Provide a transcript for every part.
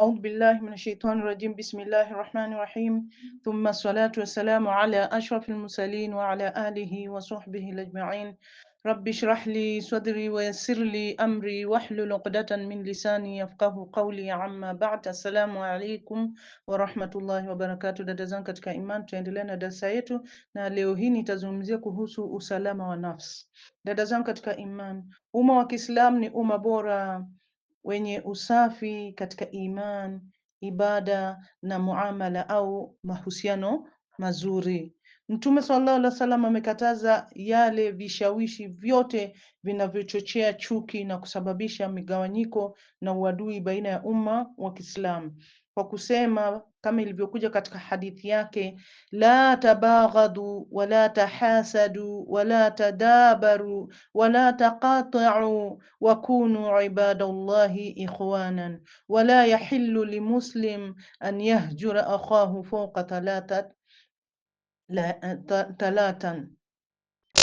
Audhu billahi minashaitanir rajim. Bismillahir rahmanir rahim. Thumma salatu wassalamu ala ashrafil mursalin wa ala alihi wa sahbihi ajma'in. Rabbi shrah li sadri wa yassir li amri wahlul uqdatan min lisani yafqahu qawli. Amma ba'd. Assalamu alaykum wa rahmatullahi wa barakatuh. Dada zangu katika iman, tuendelea na darasa yetu, na leo hii nitazungumzia kuhusu usalama wa nafsi. Dada zangu katika iman, umma wa Kiislamu ni umma bora wenye usafi katika iman, ibada na muamala au mahusiano mazuri. Mtume sallallahu alaihi wasallam amekataza yale vishawishi vyote vinavyochochea chuki na kusababisha migawanyiko na uadui baina ya umma wa Kiislamu kwa kusema kama ilivyokuja katika hadithi yake, la tabaghadu wala tahasadu wala tadabaru wala taqata'u wakunu ibadallahi ikhwanan wala yahillu limuslim an yahjura akhahu fawqa talatan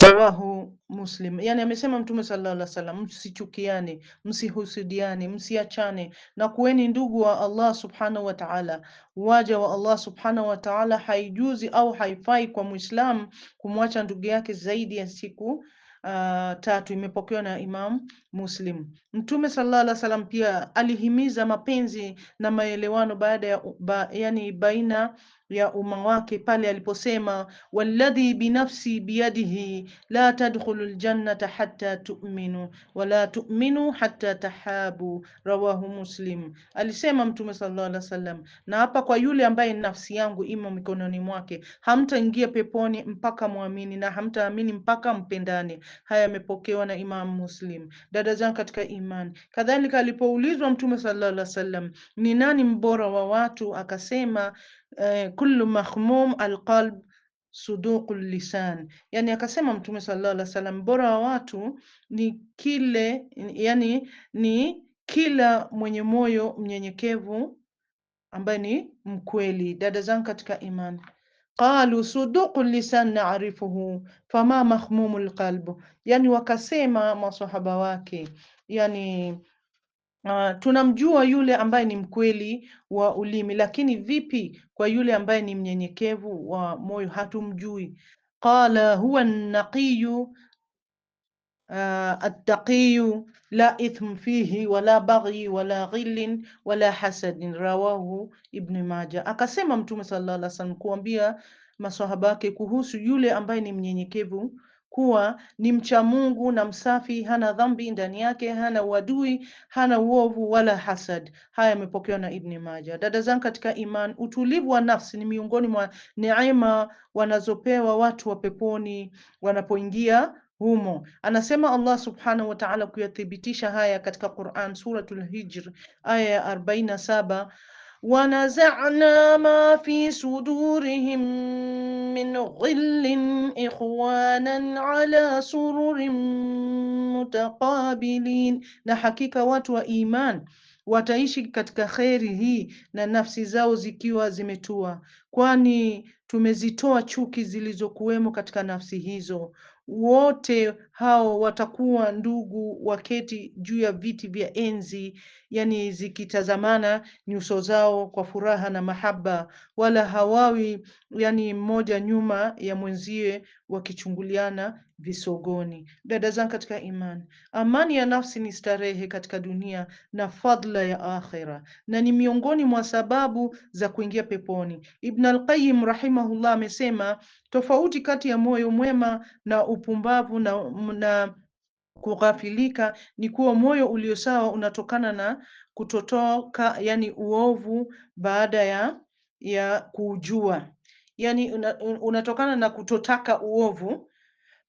Rawahu Muslim. Yani amesema Mtume sallallahu alaihi wasallam, msichukiane, msihusudiane, msiachane na kuweni ndugu wa Allah subhanahu wa ta'ala. Waja wa Allah subhanahu wa ta'ala, haijuzi au haifai kwa Muislam kumwacha ndugu yake zaidi ya siku uh, tatu. Imepokewa na Imam Muslim. Mtume sallallahu alaihi wasallam pia alihimiza mapenzi na maelewano baada ya ba, yani baina ya umma wake pale aliposema, walladhi binafsi biyadihi la tadkhulu ljannata hatta tu'minu wala tu'minu hatta tahabu, rawahu Muslim. Alisema Mtume sallallahu alaihi wasallam, na hapa kwa yule ambaye nafsi yangu imo mikononi mwake, hamtaingia peponi mpaka muamini na hamtaamini mpaka mpendane. Haya yamepokewa na Imam Muslim. Dada dada katika imani. Kadhalika alipoulizwa Mtume sallallahu alaihi wasallam ni nani mbora wa watu, akasema eh, kullu mahmum alqalb suduqu lisan, yani akasema Mtume sallallahu alaihi wasallam mbora wa watu ni kile, yani ni kila mwenye moyo mnyenyekevu ambaye ni mkweli. Dada zangu katika imani qalu suduqu lisan naarifuhu fama mahmumu lqalbu, yani wakasema masahaba wake, yani Uh, tunamjua yule ambaye ni mkweli wa ulimi, lakini vipi kwa yule ambaye ni mnyenyekevu wa moyo? Hatumjui. Qala huwa naqiyu Uh, attaqiyu la ithm fihi wala baghi wala ghillin wala hasadin rawahu Ibn Majah. Akasema Mtume sallallahu alaihi wasallam kuambia maswahaba wake kuhusu yule ambaye ni mnyenyekevu kuwa ni mcha Mungu na msafi, hana dhambi ndani yake, hana uadui, hana uovu wala hasad. Haya yamepokewa na Ibn Majah. Dada zangu katika iman, utulivu wa nafsi ni miongoni mwa neema wanazopewa watu wa peponi wanapoingia humo. Anasema Allah subhanahu wa ta'ala kuyathibitisha haya katika Quran Suratul Hijr aya ya 47 wanazana ma fi sudurihim min ghillin ikhwanan ala sururin mutaqabilin, na hakika watu wa iman wataishi katika kheri hii na nafsi zao zikiwa zimetua, kwani tumezitoa chuki zilizokuwemo katika nafsi hizo. wote hao watakuwa ndugu waketi juu ya viti vya enzi, yani zikitazamana nyuso zao kwa furaha na mahaba, wala hawawi yani mmoja nyuma ya mwenzie wakichunguliana visogoni. Dada zangu katika imani, amani ya nafsi ni starehe katika dunia na fadla ya akhira, na ni miongoni mwa sababu za kuingia peponi. Ibn al-Qayyim rahimahullah amesema tofauti kati ya moyo mwema na upumbavu na na kughafilika ni kuwa moyo ulio sawa unatokana na kutotoka, yani uovu baada ya ya kuujua, yani una, unatokana na kutotaka uovu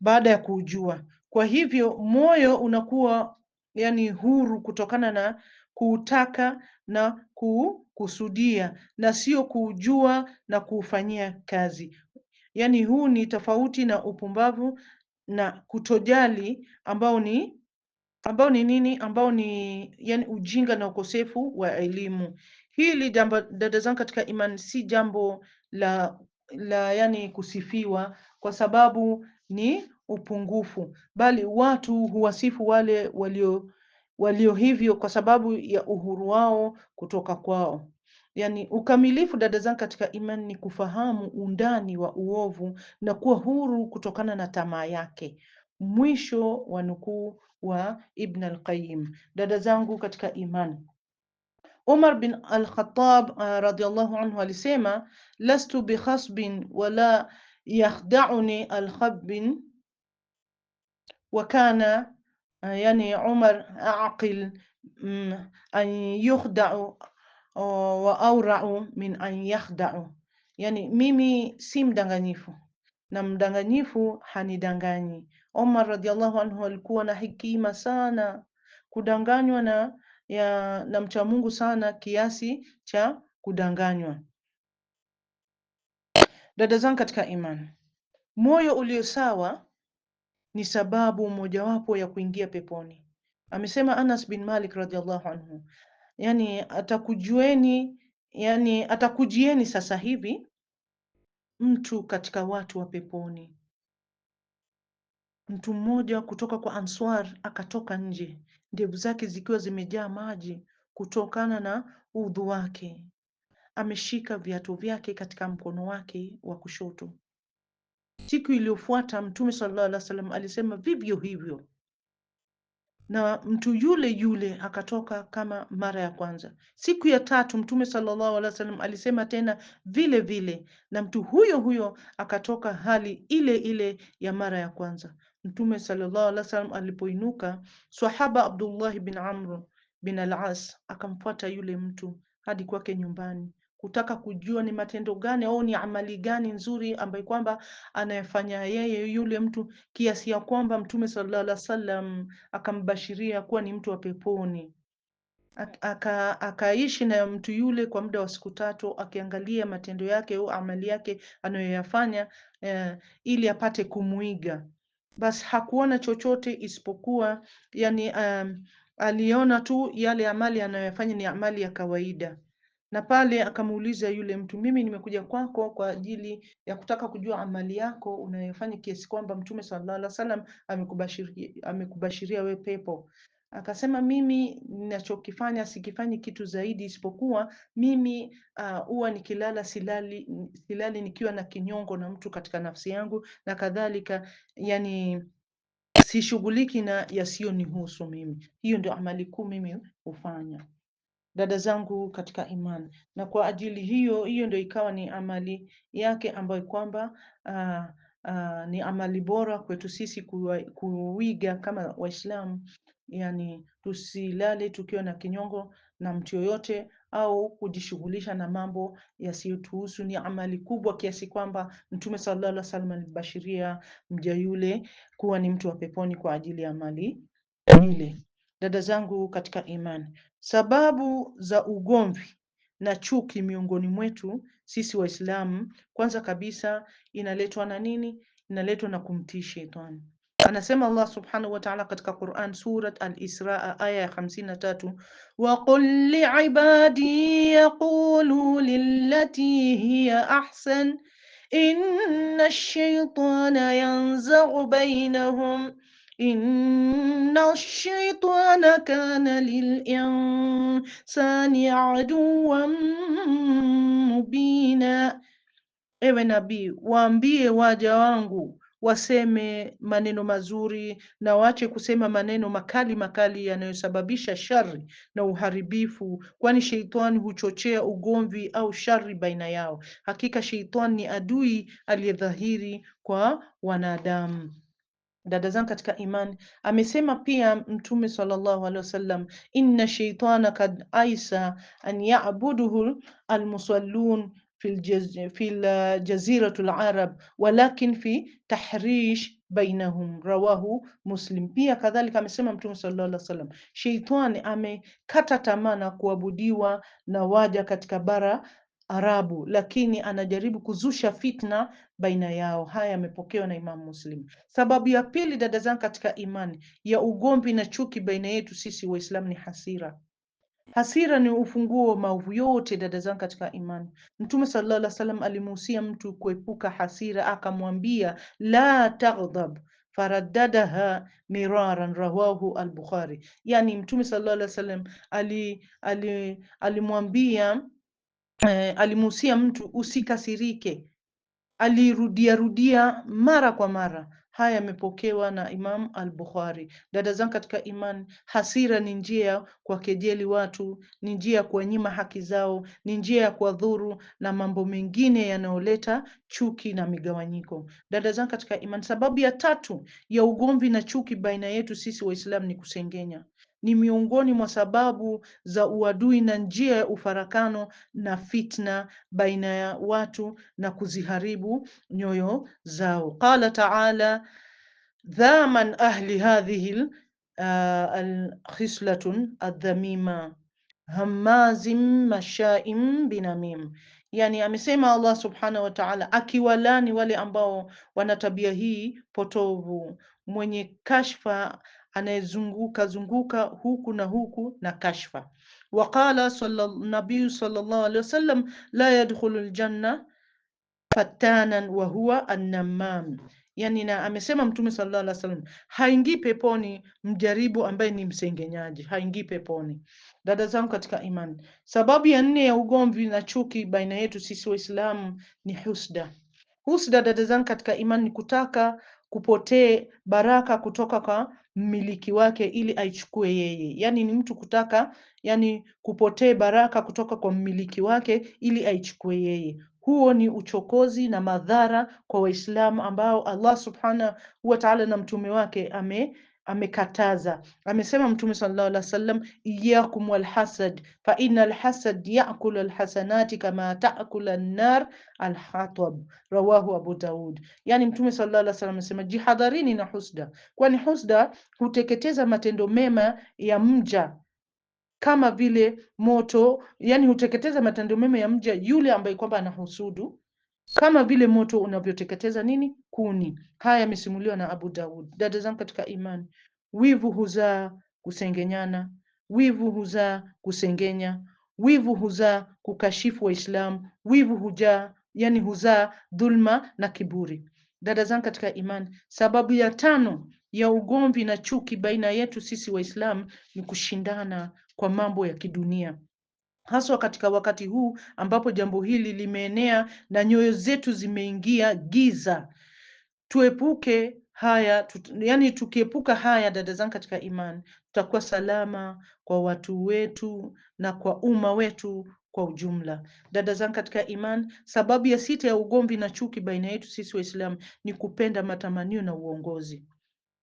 baada ya kuujua. Kwa hivyo moyo unakuwa yani huru kutokana na kuutaka na kukusudia na sio kuujua na kuufanyia kazi. Yani huu ni tofauti na upumbavu na kutojali ambao ni ambao ni nini? Ambao ni yani ujinga na ukosefu wa elimu. Hili jambo, dada zangu katika imani, si jambo la la yani kusifiwa, kwa sababu ni upungufu, bali watu huwasifu wale walio walio hivyo kwa sababu ya uhuru wao kutoka kwao. Yani ukamilifu dada zangu katika imani ni kufahamu undani wa uovu na kuwa huru kutokana na tamaa yake. Mwisho wa nukuu wa Ibn al-Qayyim. Dada zangu katika imani, Umar bin al-Khattab uh, radhiyallahu anhu alisema lastu bikhasbin wala yakhda'uni alkhabbin wa kana uh, yani Umar aqil um, an yukhda'u wa aurau min an yakhdau, yani mimi si mdanganyifu na mdanganyifu hanidanganyi. Omar radhiallahu anhu alikuwa na hekima sana, kudanganywa na ya, na mcha Mungu sana kiasi cha kudanganywa. Dada zangu katika imani, moyo ulio sawa ni sababu mojawapo ya kuingia peponi. Amesema Anas bin Malik radhiallahu anhu, yani atakujueni, yani atakujieni sasa hivi mtu katika watu wa peponi. Mtu mmoja kutoka kwa Answar akatoka nje, ndevu zake zikiwa zimejaa maji kutokana na udhu wake. Ameshika viatu vyake katika mkono wake wa kushoto. Siku iliyofuata Mtume sallallahu alaihi wasallam alisema vivyo hivyo na mtu yule yule akatoka kama mara ya kwanza. Siku ya tatu Mtume sallallahu alaihi wasallam alisema tena vile vile, na mtu huyo huyo akatoka hali ile ile ya mara ya kwanza. Mtume sallallahu alaihi wasallam alipoinuka, sahaba Abdullah bin Amr bin al-As akamfuata yule mtu hadi kwake nyumbani kutaka kujua ni matendo gani au ni amali gani nzuri ambayo kwamba anayefanya yeye yule mtu, kiasi ya kwamba Mtume sallallahu alaihi wasallam akambashiria kuwa ni mtu wa peponi. Aka, akaishi na mtu yule kwa muda wa siku tatu akiangalia matendo yake au amali yake anayoyafanya eh, ili apate kumwiga. Basi hakuona chochote isipokuwa yani, um, aliona tu yale amali anayoyafanya ni amali ya kawaida. Na pale akamuuliza yule mtu, mimi nimekuja kwako kwa ajili ya kutaka kujua amali yako unayofanya kiasi kwamba Mtume sallallahu alaihi wasallam amekubashiria, amekubashiria wewe pepo. Akasema, mimi ninachokifanya sikifanyi kitu zaidi isipokuwa mimi ah, huwa uh, nikilala silali, silali nikiwa na kinyongo na mtu katika nafsi yangu na kadhalika, yani sishughuliki na yasiyonihusu mimi. Hiyo ndio amali kuu mimi hufanya dada zangu katika imani. Na kwa ajili hiyo hiyo ndio ikawa ni amali yake ambayo kwamba uh, uh, ni amali bora kwetu sisi kuiga kama Waislamu, yani tusilale tukiwa na kinyongo na mtu yoyote au kujishughulisha na mambo yasiyotuhusu. Ni amali kubwa kiasi kwamba Mtume sallallahu alaihi wasallam alibashiria mja yule kuwa ni mtu wa peponi kwa ajili ya amali ile dada zangu katika imani, sababu za ugomvi na chuki miongoni mwetu sisi Waislamu, kwanza kabisa inaletwa na nini? Inaletwa na kumtii shetani. Anasema Allah subhanahu wa ta'ala katika Quran Surat Al-Isra aya ya hamsini na tatu wa qul liibadi yaqulu lillati hiya ahsan inna ash-shaytana yanzaghu bainahum إن الشيطان كان للإنسان عدوا مبينا ewe nabii, waambie waja wangu waseme maneno mazuri na waache kusema maneno makali makali yanayosababisha shari na uharibifu, kwani sheitani huchochea ugomvi au shari baina yao. Hakika sheitani ni adui aliyedhahiri kwa wanadamu. Dada zangu katika imani, amesema pia Mtume sallallahu alaihi wasallam, inna shaitana kad aisa an ya'buduhu almusallun fil jaziratul arab walakin fi tahrish bainahum rawahu Muslim. Pia kadhalika amesema Mtume sallallahu alaihi wasallam, sheitani amekata tamaa na kuabudiwa na waja katika bara Arabu, lakini anajaribu kuzusha fitna baina yao. Haya yamepokewa na Imamu Muslim. Sababu ya pili, dada zangu katika imani, ya ugomvi na chuki baina yetu sisi Waislamu ni hasira. Hasira ni ufunguo wa maovu yote, dada zangu katika imani. Mtume sallallahu alaihi wasallam alimuhusia mtu kuepuka hasira, akamwambia la taghdhab faradadaha miraran rawahu al-Bukhari. Yani Mtume sallallahu alaihi wasallam alimwambia ali, ali eh, alimuhusia mtu usikasirike, alirudia rudia mara kwa mara. Haya yamepokewa na Imam al-Bukhari. Dada zangu katika imani, hasira ni njia ya kuwakejeli watu, ni njia ya kuwanyima haki zao, ni njia ya kuwadhuru na mambo mengine yanayoleta chuki na migawanyiko. Dada zangu katika imani, sababu ya tatu ya ugomvi na chuki baina yetu sisi Waislamu ni kusengenya. Ni miongoni mwa sababu za uadui na njia ya ufarakano na fitna baina ya watu na kuziharibu nyoyo zao. Qala taala dha man ahli hadhihi uh, adhamima hamazim mashaim binamim Yani amesema Allah subhanahu wa ta'ala akiwalani wale ambao wana tabia hii potovu, mwenye kashfa anayezunguka zunguka huku na huku na kashfa. Waqala nabiyu sallallahu alayhi wasallam la yadkhulu ljanna fattanan wa huwa annamam yani, na amesema Mtume sallallahu alaihi wasallam, haingii peponi mjaribu ambaye ni msengenyaji, haingii peponi. Dada zangu katika imani, sababu ya nne ya ugomvi na chuki baina yetu sisi Waislamu ni husda. Husda, dada zangu katika imani, ni kutaka kupotee baraka kutoka kwa mmiliki wake ili aichukue yeye. Yani ni mtu kutaka yani kupotee baraka kutoka kwa mmiliki wake ili aichukue yeye. Huo ni uchokozi na madhara kwa Waislamu ambao Allah subhanahu wa ta'ala na mtume wake ame amekataza. Amesema Mtume sallallahu alaihi wasallam, iyyakum walhasad fa inna alhasad yakul alhasanati kama taakulu annar alhatab, rawahu Abu Daud. Yani Mtume sallallahu alaihi wasallam amesema, jihadharini na husda, kwani husda huteketeza matendo mema ya mja kama vile moto, yani huteketeza matendo mema ya mja yule ambaye kwamba anahusudu, kama vile moto unavyoteketeza nini kuni. Haya yamesimuliwa na Abu Daud. Dada zangu katika imani, wivu huzaa kusengenyana, wivu huzaa kusengenya, wivu huzaa kukashifu Waislamu, wivu hujaa yani huzaa dhulma na kiburi. Dada zangu katika imani, sababu ya tano ya ugomvi na chuki baina yetu sisi Waislamu ni kushindana kwa mambo ya kidunia haswa katika wakati huu ambapo jambo hili limeenea na nyoyo zetu zimeingia giza. Tuepuke haya tut, yani tukiepuka haya, dada zangu katika imani, tutakuwa salama kwa watu wetu na kwa umma wetu kwa ujumla. Dada zangu katika imani, sababu ya sita ya ugomvi na chuki baina yetu sisi Waislamu ni kupenda matamanio na uongozi.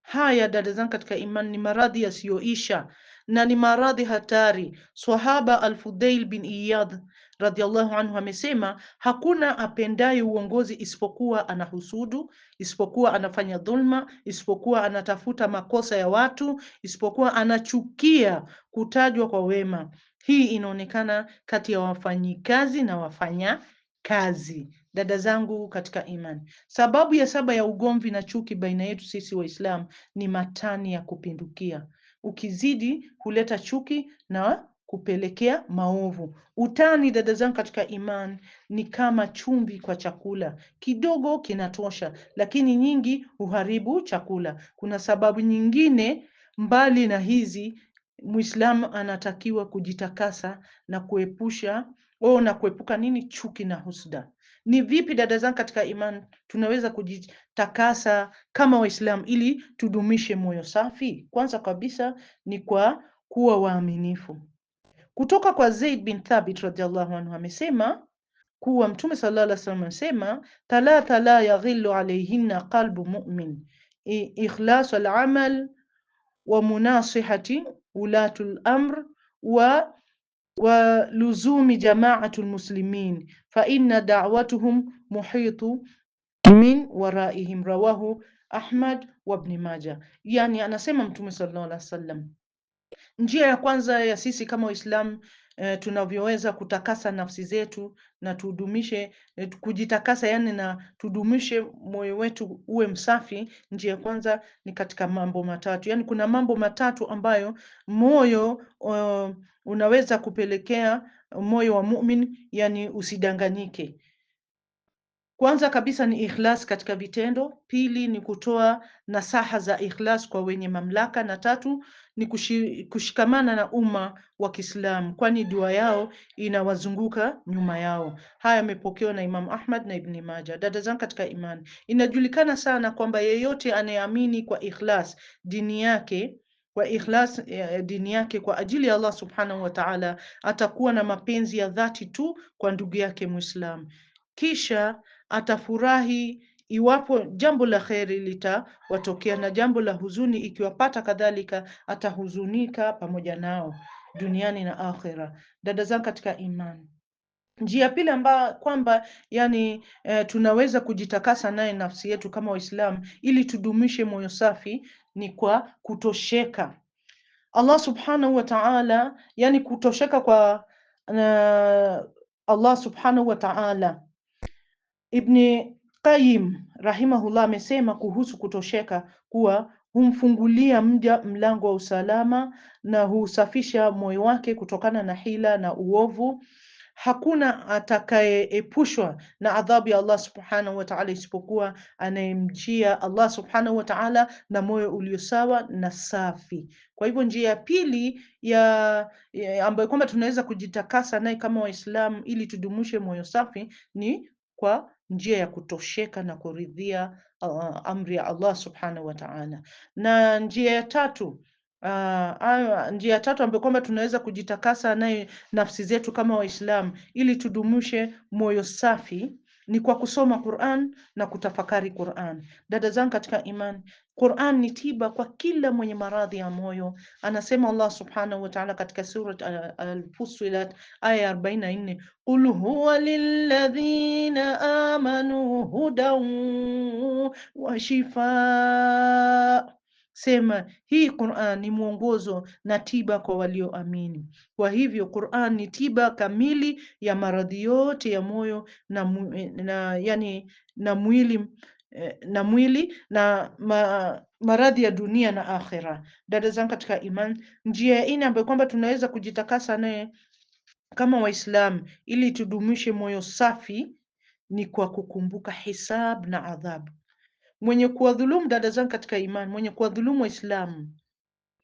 Haya dada zangu katika imani ni maradhi yasiyoisha na ni maradhi hatari. Swahaba Al-Fudail bin Iyad radhiallahu anhu amesema hakuna apendaye uongozi isipokuwa anahusudu, isipokuwa anafanya dhulma, isipokuwa anatafuta makosa ya watu, isipokuwa anachukia kutajwa kwa wema. Hii inaonekana kati ya wafanyikazi na wafanya kazi. Dada zangu katika imani, sababu ya saba ya ugomvi na chuki baina yetu sisi Waislamu ni matani ya kupindukia. Ukizidi huleta chuki na kupelekea maovu. Utani, dada zangu katika imani, ni kama chumvi kwa chakula. Kidogo kinatosha, lakini nyingi huharibu chakula. Kuna sababu nyingine mbali na hizi, Muislamu anatakiwa kujitakasa na kuepusha wewe unakuepuka nini chuki na husda? Ni vipi dada zangu katika imani tunaweza kujitakasa kama Waislamu ili tudumishe moyo safi? Kwanza kabisa ni kwa kuwa waaminifu. Kutoka kwa Zaid bin Thabit radhiallahu anhu amesema kuwa Mtume sallallahu alaihi wasallam amesema, thalatha la yaghillu alayhinna qalbu mu'min ikhlasu amal wa munasihati ulatul amr wa wa luzumi jamaatu lmuslimin fa inna da'watuhum muhitu min waraihim rawahu Ahmad wa Ibn Majah. Yani anasema Mtume sallallahu alaihi wasallam, njia ya kwanza ya sisi kama Waislamu e, tunavyoweza kutakasa nafsi zetu na tudumishe e, kujitakasa yani, na tudumishe moyo wetu uwe msafi. Njia ya kwanza ni katika mambo matatu, yani kuna mambo matatu ambayo moyo o, unaweza kupelekea moyo wa muumini yani usidanganyike. Kwanza kabisa ni ikhlas katika vitendo, pili ni kutoa nasaha za ikhlas kwa wenye mamlaka, na tatu ni kushikamana na umma wa Kiislamu, kwani dua yao inawazunguka nyuma yao. Haya yamepokewa na Imam Ahmad na Ibn Majah. Dada zangu katika imani, inajulikana sana kwamba yeyote anayeamini kwa ikhlas dini yake kwa ikhlas eh, dini yake kwa ajili ya Allah subhanahu wa ta'ala, atakuwa na mapenzi ya dhati tu kwa ndugu yake Muislamu kisha atafurahi iwapo jambo la kheri litawatokea na jambo la huzuni ikiwapata kadhalika atahuzunika pamoja nao duniani na akhera. Dada zangu katika imani, njia pili ambayo kwamba yani e, tunaweza kujitakasa naye nafsi yetu kama Waislamu ili tudumishe moyo safi ni kwa kutosheka Allah subhanahu wa ta'ala, yani kutosheka kwa uh, Allah subhanahu wa ta'ala Ibni Qayyim rahimahullah amesema kuhusu kutosheka kuwa humfungulia mja mlango wa usalama na husafisha moyo wake kutokana na hila na uovu. Hakuna atakayeepushwa na adhabu ya Allah subhanahu wa ta'ala isipokuwa anayemjia Allah subhanahu wa ta'ala na moyo ulio sawa na safi. Kwa hivyo njia ya pili ya ambayo kwamba tunaweza kujitakasa naye kama Waislamu ili tudumishe moyo safi ni kwa njia ya kutosheka na kuridhia uh, uh, amri ya Allah subhanahu wa ta'ala. Na njia ya tatu Uh, njia ya tatu ambayo kwamba tunaweza kujitakasa naye nafsi zetu kama Waislamu ili tudumishe moyo safi ni kwa kusoma Qur'an na kutafakari Qur'an. Dada zangu katika imani, Qur'an ni tiba kwa kila mwenye maradhi ya moyo. Anasema Allah subhanahu wa ta'ala katika surat Al-Fussilat aya ya 44, qul huwa lilladhina amanu hudan wa shifaa Sema hii Qur'an ni mwongozo na tiba kwa walioamini. Kwa hivyo Qur'an ni tiba kamili ya maradhi yote ya moyo na, na, yani, na mwili eh, na mwili na ma, maradhi ya dunia na akhira. Dada zangu katika iman, njia ya ine ambayo kwamba tunaweza kujitakasa naye kama Waislamu ili tudumishe moyo safi ni kwa kukumbuka hisab na adhabu mwenye kuwadhulumu dada zangu katika imani, mwenye kuwadhulumu Waislamu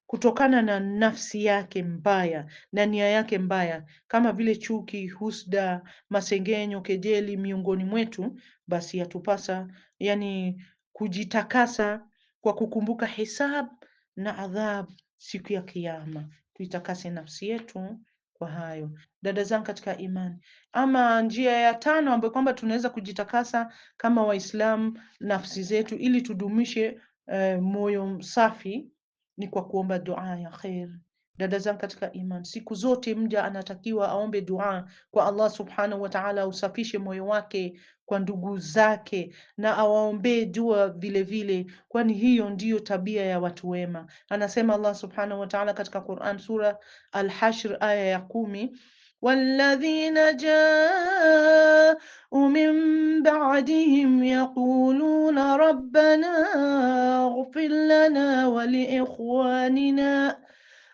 kutokana na nafsi yake mbaya na nia yake mbaya, kama vile chuki, husda, masengenyo, kejeli miongoni mwetu, basi yatupasa yani kujitakasa kwa kukumbuka hisab na adhabu siku ya Kiyama. Tuitakase nafsi yetu kwa hayo, dada zangu katika imani. Ama njia ya tano ambayo kwamba tunaweza kujitakasa kama Waislamu nafsi zetu ili tudumishe eh, moyo msafi ni kwa kuomba dua ya kheri. Dada zangu katika iman siku zote mja anatakiwa aombe dua kwa Allah subhanahu wa ta'ala, ausafishe moyo wake kwa ndugu zake na awaombee dua vile vile, kwani hiyo ndiyo tabia ya watu wema. Anasema Allah subhanahu wa ta'ala katika Quran sura Al-Hashr aya ya kumi walladhina jau min ba'dihim yaquluna rabbana ighfir lana wa liikhwanina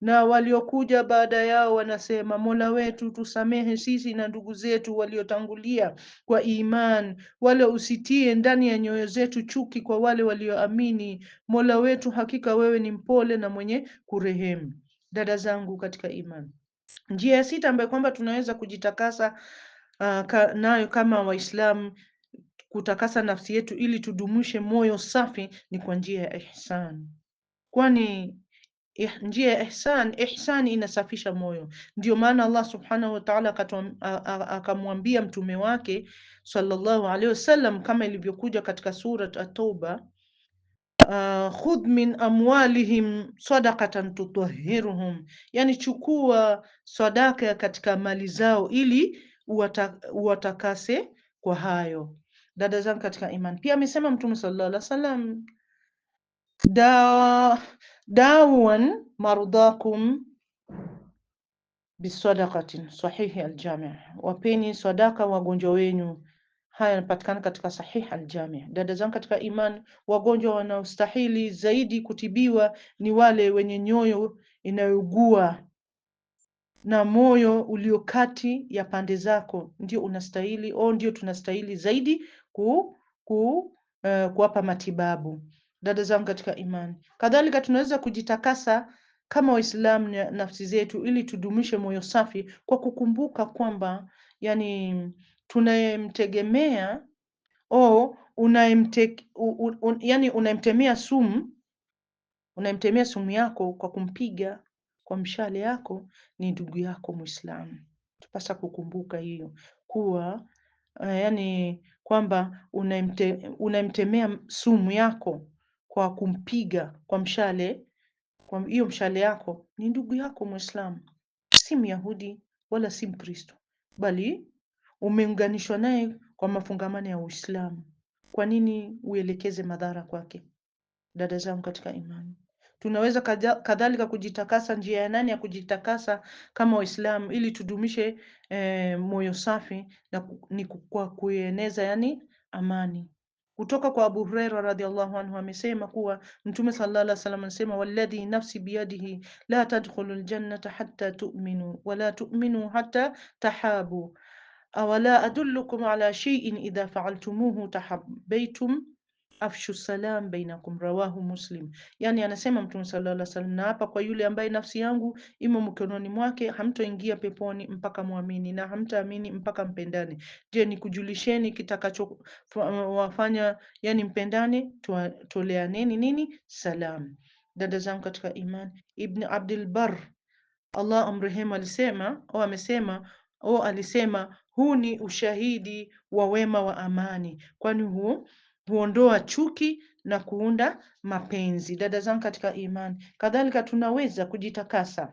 na waliokuja baada yao wanasema, Mola wetu tusamehe sisi na ndugu zetu waliotangulia kwa iman, wala usitie ndani ya nyoyo zetu chuki kwa wale walioamini. Mola wetu, hakika wewe ni mpole na mwenye kurehemu. Dada zangu katika iman, njia ya sita ambayo kwamba tunaweza kujitakasa uh, ka, nayo kama Waislamu kutakasa nafsi yetu ili tudumishe moyo safi ni kwa njia ya ihsan, kwani Eh, njia ya ihsan. ihsani inasafisha moyo, ndio maana Allah subhanahu wa ta'ala akamwambia mtume wake sallallahu alaihi wasallam kama ilivyokuja katika surat At-Tauba, uh, khudh min amwalihim sadaqatan tutahhiruhum, yani chukua sadaka katika mali zao ili uwatakase kwa hayo. Dada zangu katika imani, pia amesema mtume sallallahu alaihi wasallam dawa dawan marudhakum bisadaqatin sahihi aljami, wapeni sadaka wagonjwa wenu. Haya yanapatikana katika sahihi aljami. Dada zangu katika iman wagonjwa wanaostahili zaidi kutibiwa ni wale wenye nyoyo inayougua na moyo ulio kati ya pande zako, ndio unastahili au oh, ndio tunastahili zaidi ku, ku, uh, kuwapa matibabu dada zangu katika imani. Kadhalika tunaweza kujitakasa kama Waislamu na nafsi zetu ili tudumishe moyo safi kwa kukumbuka kwamba yani tunayemtegemea o un, un, yani unayemtemea sumu unayemtemea sumu yako kwa kumpiga kwa mshale yako ni ndugu yako Muislamu. Tupasa kukumbuka hiyo kuwa eh, yani kwamba unayemtemea sumu yako kwa kumpiga kwa mshale, kwa hiyo mshale yako ni ndugu yako Muislamu, si Myahudi wala si Mkristo, bali umeunganishwa naye kwa mafungamano ya Uislamu. Kwa nini uelekeze madhara kwake? Dada zangu katika imani, tunaweza kadhalika kujitakasa. Njia ya nani ya kujitakasa kama Waislamu ili tudumishe e, moyo safi na ni kwa kueneza yani amani kutoka kwa Abu Huraira radhiallahu anhu amesema kuwa Mtume sallallahu alaihi wasallam anasema, walladhi nafsi biyadihi la tadkhulu ljannata hatta tu'minu wala tu'minu hatta tahabu awala adullukum ala shay'in idha fa'altumuhu tahabbaytum afshu salam bainakum rawahu Muslim. Yani anasema Mtume sallallahu alaihi wasallam, na hapa kwa yule ambaye nafsi yangu imo mkononi mwake, hamtoingia peponi mpaka muamini na hamtaamini mpaka mpendane. Je, ni kujulisheni kitakachowafanya yani mpendane? Toleaneni nini? Salam. Dada zangu katika iman, Ibn Abdul Barr Allah amrehemu alisema au amesema au alisema, huu ni ushahidi wa wema wa amani, kwani huu huondoa chuki na kuunda mapenzi. Dada zangu katika imani, kadhalika tunaweza kujitakasa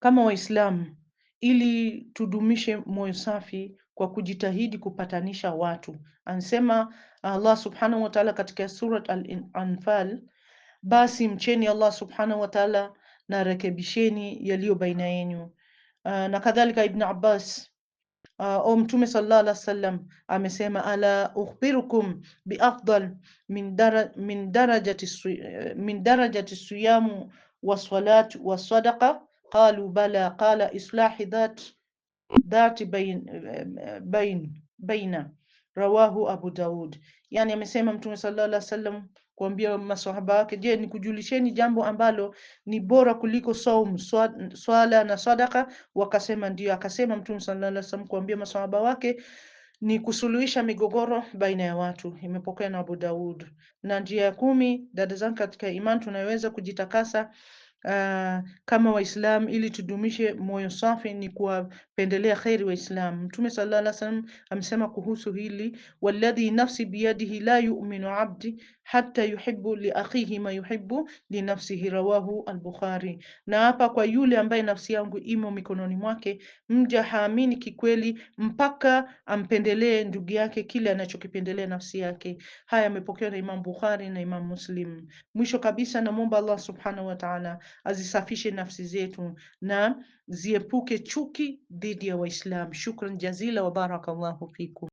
kama Waislamu ili tudumishe moyo safi kwa kujitahidi kupatanisha watu. Anasema Allah subhanahu wa ta'ala katika Surat Al-Anfal, basi mcheni Allah subhanahu wa ta'ala na rekebisheni yaliyo baina yenu. Uh, na kadhalika Ibn Abbas Uh, ah, o oh, Mtume sallallahu alaihi wasallam amesema ala ukhbirukum biafdal min, dara, min darajati min darajati siyamu wasalat wasadaqa qalu bala qala islahi dhat dhati bain, bain, baina rawahu Abu Daud. Yani amesema Mtume sallallahu alaihi wasallam kuambia masahaba wake, je, ni kujulisheni jambo ambalo ni bora kuliko saum, swala, na sadaka? Wakasema ndio. Akasema Mtume sallallahu alaihi wasallam kuambia masahaba wake ni kusuluhisha migogoro baina ya watu. Imepokea na Abu Daud. Na njia ya kumi, dada zangu katika imani, tunaweza kujitakasa Uh, kama Waislam ili tudumishe moyo safi ni kuwapendelea kheri Waislam. Mtume sallallahu alaihi wasallam amesema kuhusu hili, walladhi nafsi biyadihi la yu'minu abdi hata yuhibbu li akhihi ma yuhibbu li nafsihi, rawahu al-Bukhari. Na hapa kwa yule ambaye nafsi yangu imo mikononi mwake, mja haamini kikweli mpaka ampendelee ndugu yake kile anachokipendelea nafsi yake. Haya yamepokewa na Imam Bukhari na Imam Muslim. Mwisho kabisa, namwomba Allah subhanahu wa ta'ala azisafishe nafsi zetu na ziepuke chuki dhidi ya Waislamu. Shukran jazila wa barakallahu fikum.